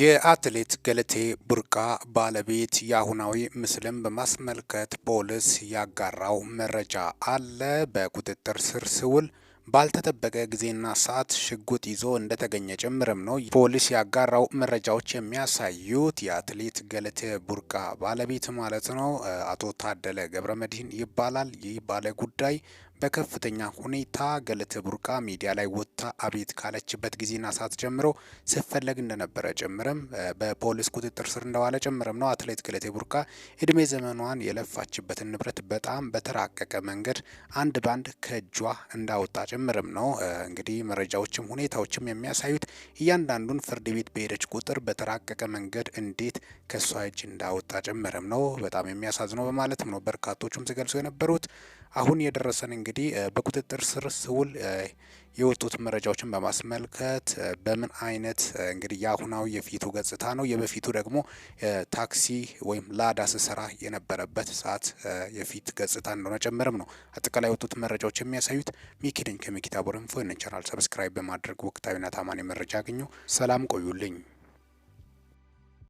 የአትሌት ገለቴ ቡርቃ ባለቤት የአሁናዊ ምስልም በማስመልከት ፖሊስ ያጋራው መረጃ አለ። በቁጥጥር ስር ስውል ባልተጠበቀ ጊዜና ሰዓት ሽጉጥ ይዞ እንደተገኘ ጭምርም ነው ፖሊስ ያጋራው መረጃዎች የሚያሳዩት። የአትሌት ገለቴ ቡርቃ ባለቤት ማለት ነው አቶ ታደለ ገብረ መድህን ይባላል። ይህ ባለ ጉዳይ በከፍተኛ ሁኔታ ገለቴ ቡርቃ ሚዲያ ላይ ወጥታ አቤት ካለችበት ጊዜና ሰዓት ጀምሮ ስፈለግ እንደነበረ ጭምርም በፖሊስ ቁጥጥር ስር እንደዋለ ጭምርም ነው። አትሌት ገለቴ ቡርቃ እድሜ ዘመኗን የለፋችበትን ንብረት በጣም በተራቀቀ መንገድ አንድ ባንድ ከእጇ እንዳወጣ ጭምርም ነው። እንግዲህ መረጃዎችም ሁኔታዎችም የሚያሳዩት እያንዳንዱን ፍርድ ቤት በሄደች ቁጥር በተራቀቀ መንገድ እንዴት ከእሷ እጅ እንዳወጣ ጭምርም ነው። በጣም የሚያሳዝነው በማለትም ነው በርካቶቹም ሲገልጹ የነበሩት። አሁን የደረሰን እንግዲህ በቁጥጥር ስር ስውል የወጡት መረጃዎችን በማስመልከት በምን አይነት እንግዲህ የአሁናዊ የፊቱ ገጽታ ነው፣ የበፊቱ ደግሞ ታክሲ ወይም ላዳ ስሰራ የነበረበት ሰዓት የፊት ገጽታ እንደሆነ ጭምርም ነው አጠቃላይ የወጡት መረጃዎች የሚያሳዩት። ሚኪ ነኝ ከሚኪታቦር ኢንፎ። ቻናል ሰብስክራይብ በማድረግ ወቅታዊና ታማኝ መረጃ አግኙ። ሰላም ቆዩልኝ።